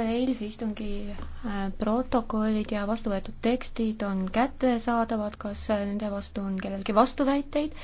eilse istungi äh, protokollid ja vastuvõetud tekstid on kättesaadavad, kas äh, nende vastu on kellelgi vastuväiteid?